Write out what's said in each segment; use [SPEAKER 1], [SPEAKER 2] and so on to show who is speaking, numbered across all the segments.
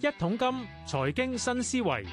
[SPEAKER 1] 一桶金財經新思維，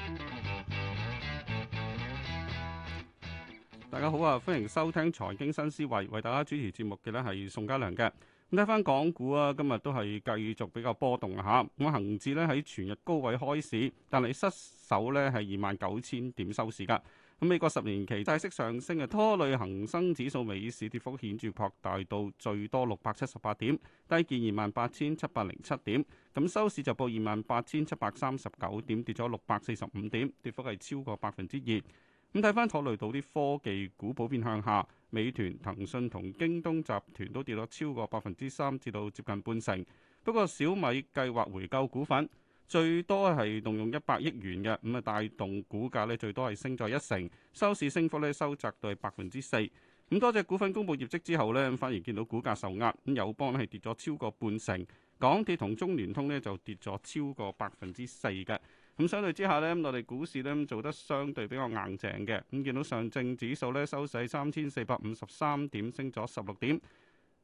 [SPEAKER 1] 大家好啊！歡迎收聽財經新思維，為大家主持節目嘅呢係宋家良嘅。咁睇翻港股啊，今日都係繼續比較波動啊吓。咁恒指呢，喺全日高位開市，但係失守呢係二萬九千點收市噶。咁美國十年期債息上升，嘅拖累恆生指數尾市跌幅顯著擴大到最多六百七十八點，低見二萬八千七百零七點。咁收市就報二萬八千七百三十九點，跌咗六百四十五點，跌幅係超過百分之二。咁睇翻拖累到啲科技股普遍向下，美團、騰訊同京東集團都跌咗超過百分之三至到接近半成。不過小米計劃回購股份。最多係動用一百億元嘅咁啊，帶動股價咧最多係升咗一成，收市升幅咧收窄到係百分之四。咁多隻股份公布業績之後咧，反而見到股價受壓，咁友邦咧係跌咗超過半成。港鐵同中聯通咧就跌咗超過百分之四嘅。咁相對之下咧，咁我哋股市咧做得相對比較硬淨嘅咁，見到上證指數咧收市三千四百五十三點，升咗十六點；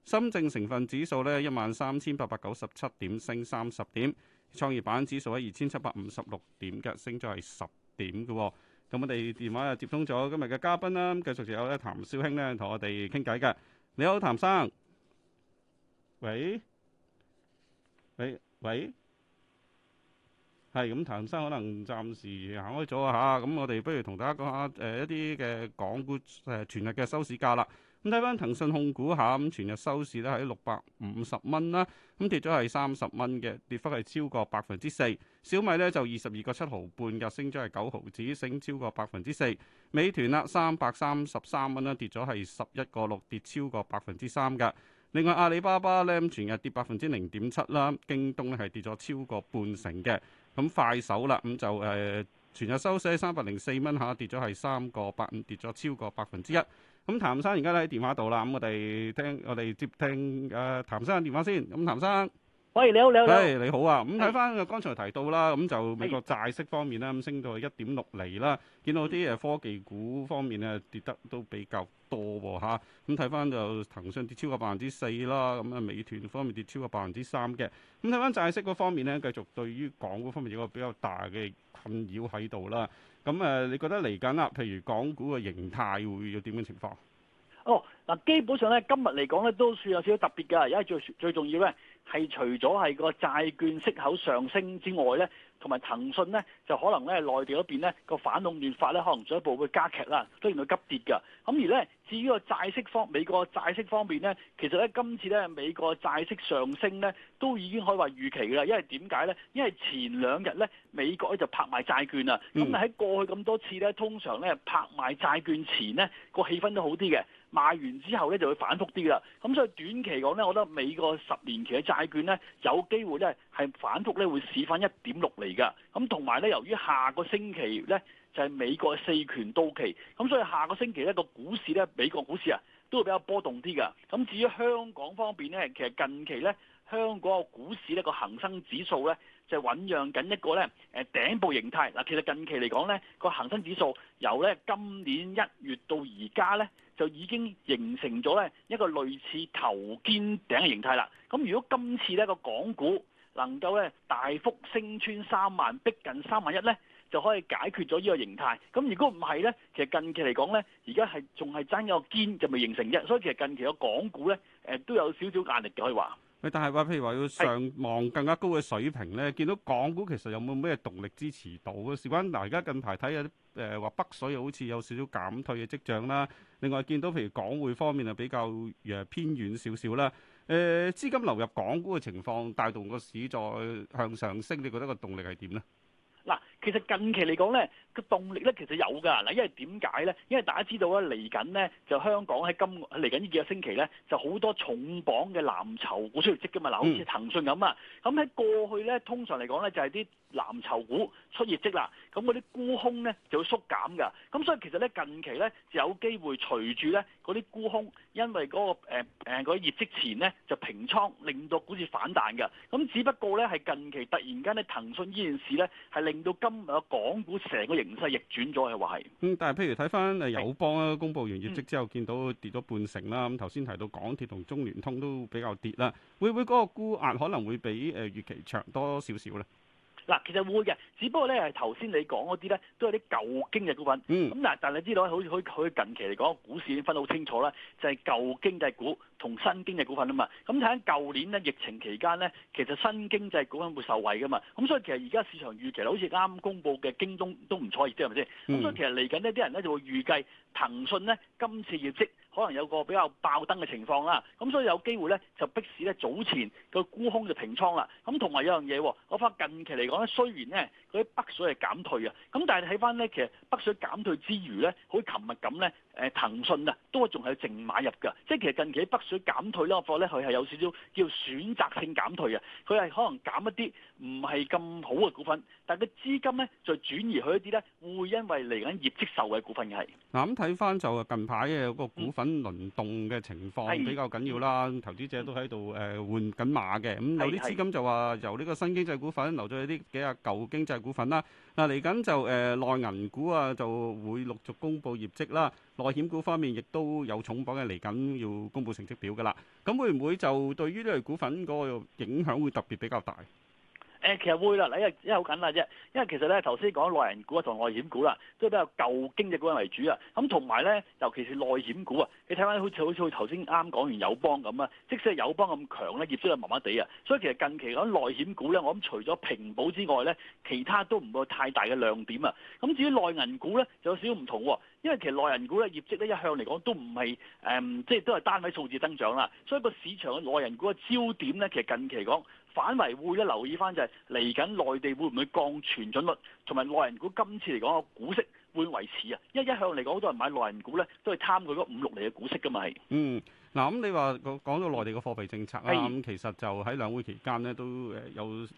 [SPEAKER 1] 深證成分指數呢，一萬三千八百九十七點，升三十點。創業板指數喺二千七百五十六點嘅，升咗係十點嘅、哦。咁我哋電話又接通咗，今日嘅嘉賓啦，繼續就有咧譚紹興咧同我哋傾偈嘅。你好，譚生，喂，喂喂，係咁，譚生可能暫時行開咗啊嚇。咁我哋不如同大家講下誒、呃、一啲嘅港股誒全日嘅收市價啦。咁睇翻騰訊控股下咁全日收市咧喺六百五十蚊啦，咁跌咗係三十蚊嘅，跌幅係超過百分之四。小米呢就二十二個七毫半嘅，升咗係九毫子，升超過百分之四。美團啦，三百三十三蚊啦，跌咗係十一個六，跌超過百分之三㗎。另外阿里巴巴咧，全日跌百分之零點七啦，京東咧係跌咗超過半成嘅。咁快手啦，咁就誒、呃、全日收市喺三百零四蚊下，跌咗係三個八，跌咗超過百分之一。咁譚生而家喺電話度啦，咁我哋聽，我哋接聽。誒、啊、譚生嘅電話先，咁譚生。
[SPEAKER 2] 喂，你好，你好。係你、hey，
[SPEAKER 1] 你好啊！咁睇翻，剛才提到啦，咁就美國債息方面咧，咁升到，到一點六厘啦。見到啲誒科技股方面咧跌得都比較多喎、啊，吓咁睇翻就騰訊跌超過百分之四啦，咁啊美團方面跌超過百分之三嘅。咁睇翻債息嗰方面咧，繼續對於港股方面有個比較大嘅困擾喺度啦。咁誒，你覺得嚟緊啦？譬如港股嘅形態會有點樣情況？
[SPEAKER 2] 哦，嗱，基本上咧，今日嚟講咧都算有少少特別嘅，因為最最重要咧。係除咗係個債券息口上升之外咧，同埋騰訊咧就可能咧內地嗰邊咧個反壟斷法咧可能進一步會加劇啦，雖然佢急跌㗎。咁而咧至於個債息方美國債息方面咧，其實咧今次咧美國債息上升咧都已經可以話預期㗎啦。因為點解咧？因為前兩日咧美國咧就拍賣債券啊。咁、嗯、喺過去咁多次咧，通常咧拍賣債券前咧個氣氛都好啲嘅。賣完之後咧就會反覆啲噶，咁所以短期講咧，我覺得美國十年期嘅債券咧有機會咧係反覆咧會試翻一點六厘噶。咁同埋咧，由於下個星期咧就係美國嘅四權到期，咁所以下個星期咧個股市咧美國股市啊都會比較波動啲噶。咁至於香港方面咧，其實近期咧香港個股市咧個恒生指數咧就係醖釀緊一個咧誒頂部形態嗱。其實近期嚟講咧個恒生指數由咧今年一月到而家咧。就已經形成咗呢一個類似頭肩頂嘅形態啦。咁如果今次呢個港股能夠呢大幅升穿三萬，逼近三萬一呢，就可以解決咗呢個形態。咁如果唔係呢？其實近期嚟講呢，而家係仲係爭一個肩就未形成啫。所以其實近期個港股呢，誒都有少少壓力嘅，可以話。
[SPEAKER 1] 但係話，譬如話要上望更加高嘅水平咧，見到港股其實有冇咩動力支持到？事關嗱，而家近排睇下，誒話北水又好似有少少減退嘅跡象啦。另外見到譬如港匯方面啊，比較誒偏遠少少啦。誒、呃、資金流入港股嘅情況，帶動個市再向上升，你覺得個動力係點咧？
[SPEAKER 2] 嗱。其實近期嚟講咧，個動力咧其實有㗎嗱，因為點解咧？因為大家知道咧，嚟緊咧就香港喺今嚟緊呢幾個星期咧，就好多重磅嘅藍籌股出業績㗎嘛，嗱、嗯，好似騰訊咁啊。咁喺過去咧，通常嚟講咧就係、是、啲藍籌股出業績啦，咁嗰啲沽空咧就會縮減㗎。咁所以其實咧近期咧就有機會隨住咧嗰啲沽空，因為嗰、嗰個誒誒嗰啲業績前咧就平倉，令到股市反彈㗎。咁只不過咧係近期突然間咧騰訊依件事咧係令到今港股成個形勢逆轉咗，係話係。
[SPEAKER 1] 嗯，但係譬如睇返誒友邦啊，公布完業績之後，見到跌咗半成啦。咁頭先提到港鐵同中聯通都比較跌啦，會唔會嗰個沽壓可能會比誒呃、預期長多少少咧？
[SPEAKER 2] 嗱，其實會嘅，只不過咧係頭先你講嗰啲咧，都有啲舊經濟股份。嗯。咁嗱，但係你知道，好似可以可以近期嚟講，股市已經分得好清楚啦，就係舊經濟股同新經濟股份啊嘛。咁睇緊舊年咧，疫情期間咧，其實新經濟股份會受惠噶嘛。咁所以其實而家市場預期好似啱公布嘅京東都唔錯，意思係咪先？咁所以其實嚟緊呢啲人咧就會預計。騰訊咧今次業績可能有個比較爆燈嘅情況啦，咁所以有機會咧就迫使咧早前佢沽空就平倉啦，咁同埋有樣嘢，我發近期嚟講咧，雖然咧嗰啲北水係減退啊，咁但係你睇返咧，其實北水減退之餘咧，好似琴日咁咧。誒騰訊啊，都仲係淨買入㗎，即係其實近期北水減退呢個貨咧，佢係有少少叫選擇性減退啊，佢係可能減一啲唔係咁好嘅股份，但係個資金咧再轉移去一啲咧會因為嚟緊業績受惠股份嘅。
[SPEAKER 1] 嗱咁睇翻就近排嘅個股份輪動嘅情況比較緊要啦，投資者都喺度誒換緊馬嘅，咁有啲資金就話由呢個新經濟股份流咗一啲幾啊舊經濟股份啦。嗱嚟緊就誒內銀股啊就會陸續公布業績啦。內險股方面，亦都有重磅嘅嚟緊要公布成績表噶啦，咁會唔會就對於呢類股份嗰個影響會特別比較大？
[SPEAKER 2] 誒，其實會啦，你一為好緊啊啫，因為其實咧頭先講內銀股啊同外險股啦，都比較舊經濟股為主啊，咁同埋咧，尤其是內險股啊，你睇翻好似好似我頭先啱講完友邦咁啊，即使友邦咁強咧，亦都又麻麻地啊，所以其實近期講內險股咧，我諗除咗平保之外咧，其他都唔會太大嘅亮點啊，咁至於內銀股咧，就有少少唔同。因為其實內銀股咧，業績咧一向嚟講都唔係，誒、嗯，即係都係單位數字增長啦。所以個市場嘅內銀股嘅焦點咧，其實近期講，反而會咧留意翻就係嚟緊內地會唔會降存準率，同埋內銀股今次嚟講個股息會維持啊。因為一向嚟講，好多人買內銀股咧，都係貪佢嗰五六厘嘅股息噶嘛，係。嗯。
[SPEAKER 1] 嗱，咁你話講到內地嘅貨幣政策啦，咁其實就喺兩會期間呢都誒有誒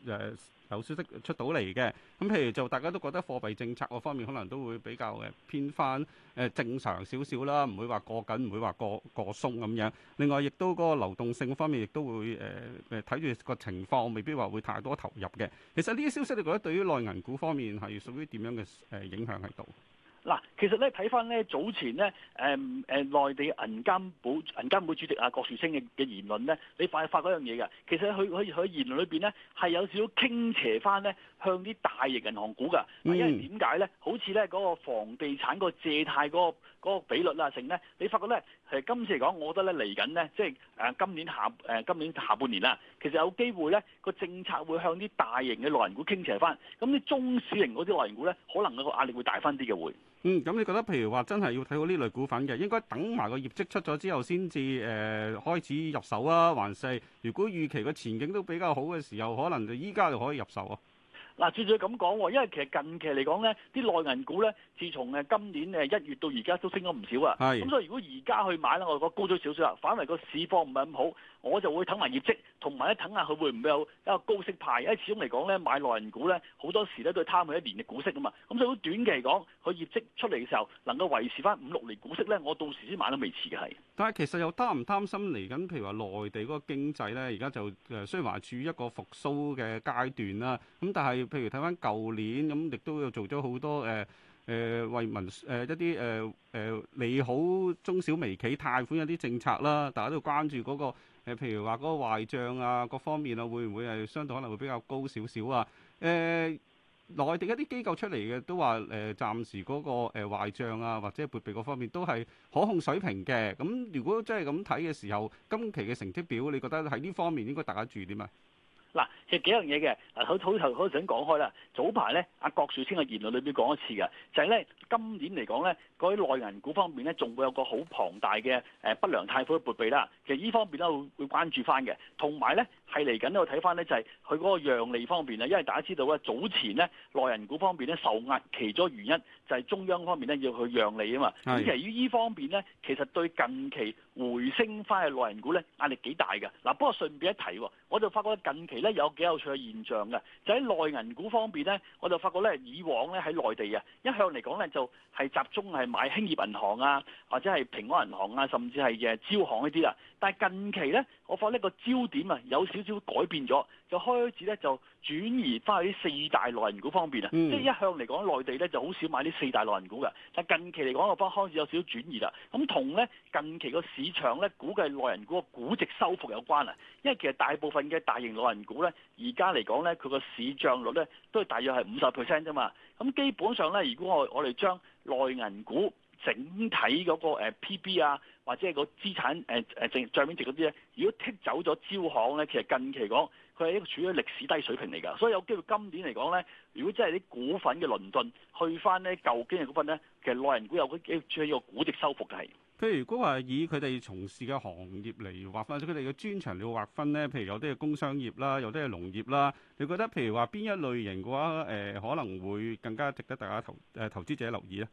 [SPEAKER 1] 有消息出到嚟嘅。咁譬如就大家都覺得貨幣政策嗰方面可能都會比較誒偏返誒正常少少啦，唔會話過緊，唔會話過過鬆咁樣。另外，亦都嗰個流動性方面亦都會誒誒睇住個情況，未必話會太多投入嘅。其實呢啲消息你覺得對於內銀股方面係屬於點樣嘅誒影響喺度？
[SPEAKER 2] 嗱，其實咧睇翻咧早前咧，誒、嗯、誒、呃、內地銀監保銀監會主席啊，郭樹清嘅嘅言論咧，你發發嗰樣嘢嘅，其實佢佢佢言論裏邊咧係有少少傾斜翻咧向啲大型銀行股㗎，因為點解咧？好似咧嗰個房地產個借貸，嗰個。嗰個比率啊，成咧，你發覺咧，係今次嚟講，我覺得咧，嚟緊呢，即係今年下、呃、今年下半年啦，其實有機會咧，個政策會向啲大型嘅內銀股傾斜翻，咁啲中小型嗰啲內銀股咧，可能個壓力會大翻啲嘅會。
[SPEAKER 1] 嗯，咁你覺得譬如話真係要睇好呢類股份嘅，應該等埋個業績出咗之後先至誒開始入手啊，還是如果預期個前景都比較好嘅時候，可能就依家就可以入手啊？
[SPEAKER 2] 嗱，最最咁講喎，因為其實近期嚟講咧，啲內銀股咧，自從今年誒一月到而家都升咗唔少啊，咁所以如果而家去買咧，我覺得高咗少少啦，反為個市況唔係咁好。我就會睇埋業績，同埋咧睇下佢會唔會有一個高息派。哎，始終嚟講咧，買內銀股咧，好多時咧都係貪佢一年嘅股息啊嘛。咁所以好短期嚟講，佢業績出嚟嘅時候，能夠維持翻五六年股息咧，我到時先買都未遲嘅係。
[SPEAKER 1] 但係其實又擔唔擔心嚟緊？譬如話內地嗰個經濟咧，而家就誒雖然話處於一個復甦嘅階段啦，咁但係譬如睇翻舊年咁，亦都有做咗好多誒誒為民誒一啲誒誒利好中小微企貸款一啲政策啦，大家都關注嗰個。誒，譬如話嗰個壞帳啊，各方面啊，會唔會係相對可能會比較高少少啊？誒、呃，內地一啲機構出嚟嘅都話，誒、呃、暫時嗰個誒壞帳啊，或者撥備嗰方面都係可控水平嘅。咁如果真係咁睇嘅時候，今期嘅成績表，你覺得喺呢方面應該大家注意啲
[SPEAKER 2] 咩？嗱，其實幾樣嘢嘅，好，好頭開始想講開啦。早排咧，阿郭樹清嘅言論裏邊講一次嘅，就係、是、咧今年嚟講咧，嗰啲內銀股方面咧，仲會有一個好龐大嘅誒、呃、不良貸款嘅撥備啦。其實呢方面咧會會關注翻嘅，同埋咧。係嚟緊，我睇翻呢，就係佢嗰個讓利方面咧，因為大家知道咧，早前呢內銀股方面呢受壓，其中原因就係中央方面呢要去讓利啊嘛。咁其實於呢方面呢，其實對近期回升翻嘅內銀股呢壓力幾大嘅。嗱，不過順便一提，我就發覺近期呢有幾有趣嘅現象嘅，就喺內銀股方面呢，我就發覺呢以往呢喺內地啊一向嚟講呢，就係集中係買興業銀行啊，或者係平安銀行啊，甚至係誒招行呢啲啦。但係近期呢，我發覺呢個焦點啊有少，改變咗，就開始咧就轉移翻去四大內銀股方面啊，即、嗯、係一向嚟講，內地咧就好少買呢四大內銀股嘅，但近期嚟講，我幫開始有少少轉移啦。咁同咧近期個市場咧估計內銀股個估值收復有關啊，因為其實大部分嘅大型內銀股咧，而家嚟講咧佢個市賬率咧都係大約係五十 percent 啫嘛。咁基本上咧，如果我我哋將內銀股，整體嗰個 PB 啊，或者係個資產誒誒淨帳面值嗰啲咧，如果剔走咗招行咧，其實近期講佢係一個處於歷史低水平嚟㗎，所以有機會今年嚟講咧，如果真係啲股份嘅輪頓去翻咧舊經濟股份咧，其實內銀股有啲嘅處於個估值收復嘅係。
[SPEAKER 1] 佢如果話以佢哋從事嘅行業嚟劃分，佢哋嘅專長嚟劃分咧，譬如有啲係工商業啦，有啲係農業啦，你覺得譬如話邊一類型嘅話誒、呃，可能會更加值得大家投誒、呃、投資者留意咧？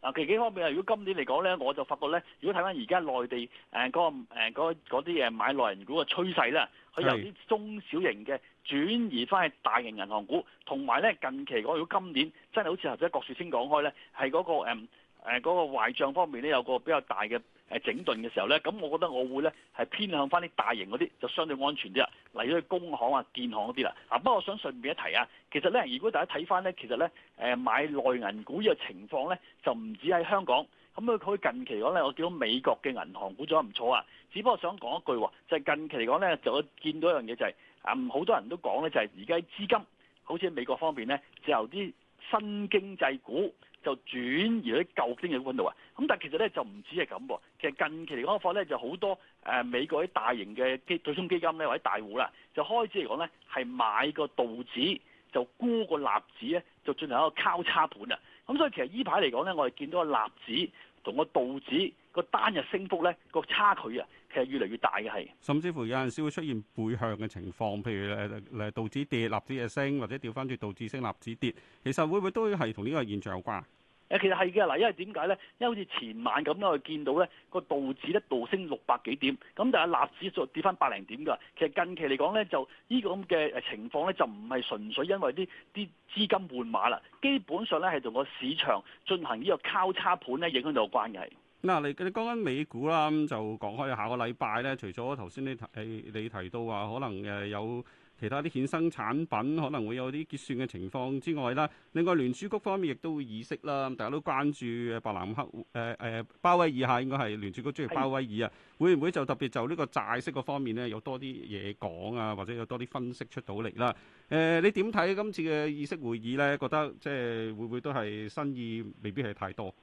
[SPEAKER 2] 嗱，其他幾方面啊，如果今年嚟講咧，我就發覺咧，如果睇翻而家內地誒嗰個嗰啲誒買內銀股嘅趨勢啦，佢由啲中小型嘅轉移翻去大型銀行股，同埋咧近期如果今年真係好似頭先郭樹清講開咧，係嗰、嗰個誒誒嗰個壞帳方面咧，有個比較大嘅。誒整頓嘅時候咧，咁我覺得我會咧係偏向翻啲大型嗰啲，就相對安全啲啦。例如工行啊、建行嗰啲啦。不過我想順便一提啊，其實咧，如果大家睇翻咧，其實咧誒買內銀股嘅情況咧，就唔止喺香港。咁佢近期講咧，我見到美國嘅銀行股做得唔錯啊。只不過想講一句喎，就係、近期嚟講咧，就見到一樣嘢就係、是、啊，好多人都講咧，就係而家資金好似喺美國方面咧，就由啲。新經濟股就轉移喺舊經濟股嗰度啊，咁但係其實咧就唔止係咁，其實近期嚟講嘅話咧就好多誒美國啲大型嘅基對沖基金咧或者大戶啦，就開始嚟講咧係買個道指就沽個納指咧，就進行一個交叉盤啊，咁所以其實依排嚟講咧，我哋見到個納指同個道指。個單日升幅咧，個差距啊，其實越嚟越大嘅係。
[SPEAKER 1] 甚至乎有陣時會出現背向嘅情況，譬如誒誒，道指跌，納指嘅升，或者調翻轉道指升，納指跌，其實會唔會都係同呢個現象有關？
[SPEAKER 2] 誒，其實係嘅嗱，因為點解咧？因為好似前晚咁咧，我見到咧個道指咧道升六百幾點，咁但係納指就跌翻百零點㗎。其實近期嚟講咧，就呢個咁嘅誒情況咧，就唔係純粹因為啲啲資金換馬啦，基本上咧係同個市場進行呢個交叉盤咧影響到有關嘅係。
[SPEAKER 1] 嗱，你你講緊美股啦，咁就講開下個禮拜咧。除咗頭先你提你提到話，可能誒有其他啲衍生產品可能會有啲結算嘅情況之外啦，另外聯儲局方面亦都會議息啦。咁大家都關注白藍黑包誒鮑威爾下應該係聯儲局中意鮑威爾啊。會唔會就特別就呢個債息嘅方面咧有多啲嘢講啊，或者有多啲分析出到嚟啦？誒，你點睇今次嘅議息會議咧？覺得即係會唔會都係新意未必係太多？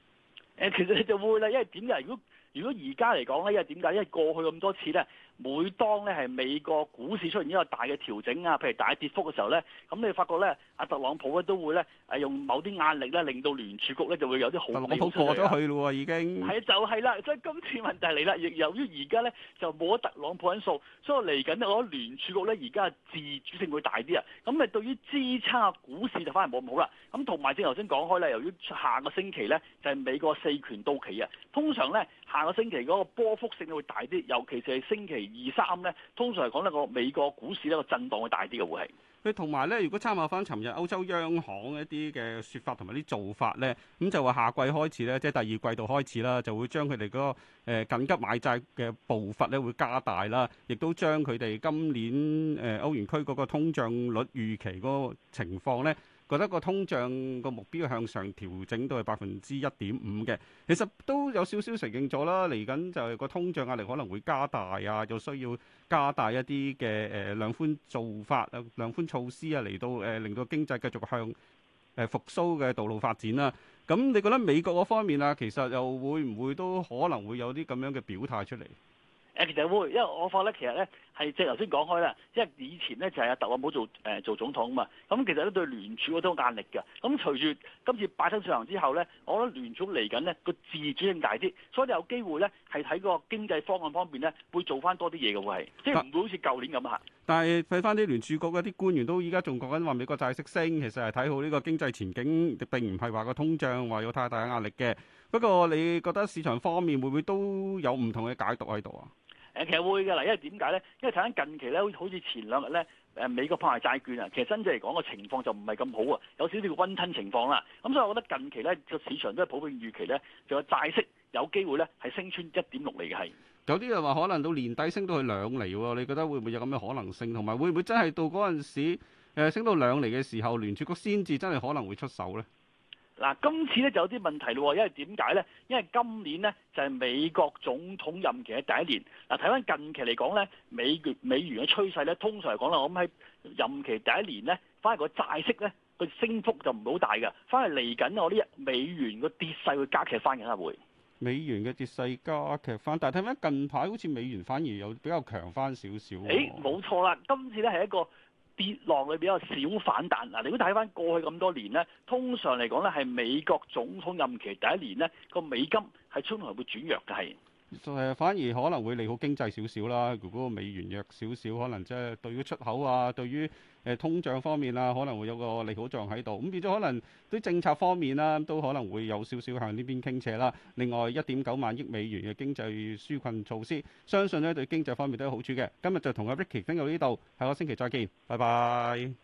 [SPEAKER 2] 誒，其實你就會啦，因為點解？如果如果而家嚟講咧，因為點解？因為過去咁多次咧，每當咧係美國股市出現一個大嘅調整啊，譬如大嘅跌幅嘅時候咧，咁你發覺咧，阿特朗普咧都會咧誒用某啲壓力咧，令到聯儲局咧就會有啲恐慌出嚟。特朗普過咗去
[SPEAKER 1] 啦喎，已經係、嗯、
[SPEAKER 2] 就係啦，所以今次問題嚟啦。由於而家咧就冇咗特朗普因素，所以嚟緊咧我覺得聯儲局咧而家自主性會大啲啊。咁咪對於支撐股市就反而冇咁好啦。咁同埋正頭先講開咧，由於下個星期咧就係美國四權到期啊，通常咧。下個星期嗰個波幅性會大啲，尤其是係星期二三咧，通常嚟講呢個美國股市呢個震盪會大啲嘅會係。
[SPEAKER 1] 佢同埋咧，如果參考翻尋日歐洲央行一啲嘅説法同埋啲做法咧，咁就話夏季開始咧，即係第二季度開始啦，就會將佢哋嗰個誒緊急買債嘅步伐咧會加大啦，亦都將佢哋今年誒歐元區嗰個通脹率預期嗰個情況咧。覺得個通脹個目標向上調整到係百分之一點五嘅，其實都有少少承認咗啦。嚟緊就係個通脹壓力可能會加大啊，就需要加大一啲嘅誒量寬做法啊，量、呃、寬措施啊，嚟到、呃、令到經濟繼續向誒、呃、復甦嘅道路發展啦、啊。咁你覺得美國嗰方面啊，其實又會唔會都可能會有啲咁樣嘅表態出嚟？
[SPEAKER 2] 誒其實會，因為我發覺其實咧係即係頭先講開啦，因為以前咧就係阿特朗普做誒做總統啊嘛，咁其實咧對聯儲我都有壓力嘅。咁隨住今次擺親上，上行之後咧，我覺得聯儲嚟緊咧個自主性大啲，所以有機會咧係睇個經濟方案方面咧會做翻多啲嘢嘅會係，即係唔會好似舊年咁嚇。
[SPEAKER 1] 但係睇翻啲聯儲局一啲官員都依家仲講緊話美國債息升，其實係睇好呢個經濟前景，並唔係話個通脹話有太大嘅壓力嘅。不過你覺得市場方面會唔會都有唔同嘅解讀喺度啊？
[SPEAKER 2] 誒其實會嘅嗱，因為點解咧？因為睇緊近期咧，好似好似前兩日咧誒美國拍賣債券啊。其實真正嚟講個情況就唔係咁好啊，有少少溫吞情況啦。咁所以我覺得近期咧個市場都係普遍預期咧，就有債息有機會咧係升穿一點六厘嘅，係
[SPEAKER 1] 有啲人話可能到年底升到去兩厘喎。你覺得會唔會有咁嘅可能性？同埋會唔會真係到嗰陣時、呃、升到兩厘嘅時候，聯儲局先至真係可能會出手咧？
[SPEAKER 2] 嗱，今次咧就有啲問題嘞，因為點解咧？因為今年咧就係美國總統任期嘅第一年。嗱，睇翻近期嚟講咧，美元美元嘅趨勢咧，通常嚟講啦，我諗喺任期第一年咧，反而個債息咧個升幅就唔好大嘅，反而嚟緊我呢日美元個跌勢會加劇翻嘅可能會。
[SPEAKER 1] 美元嘅跌勢加劇翻，但係睇翻近排好似美元反而有比較強翻少少。誒，
[SPEAKER 2] 冇錯啦，今次咧係一個。跌落去比較少反彈。嗱，你如果睇翻過去咁多年咧，通常嚟講咧，係美國總統任期第一年咧，個美金係通常會轉弱嘅係。
[SPEAKER 1] 反而可能會利好經濟少少啦。如果美元弱少少，可能即係對於出口啊，對於通脹方面啊，可能會有個利好作用喺度。咁變咗可能對政策方面啦、啊，都可能會有少少向呢邊傾斜啦。另外一點九萬億美元嘅經濟紓困措施，相信呢對經濟方面都有好處嘅。今日就同阿 Ricky 傾到呢度，下個星期再見，拜拜。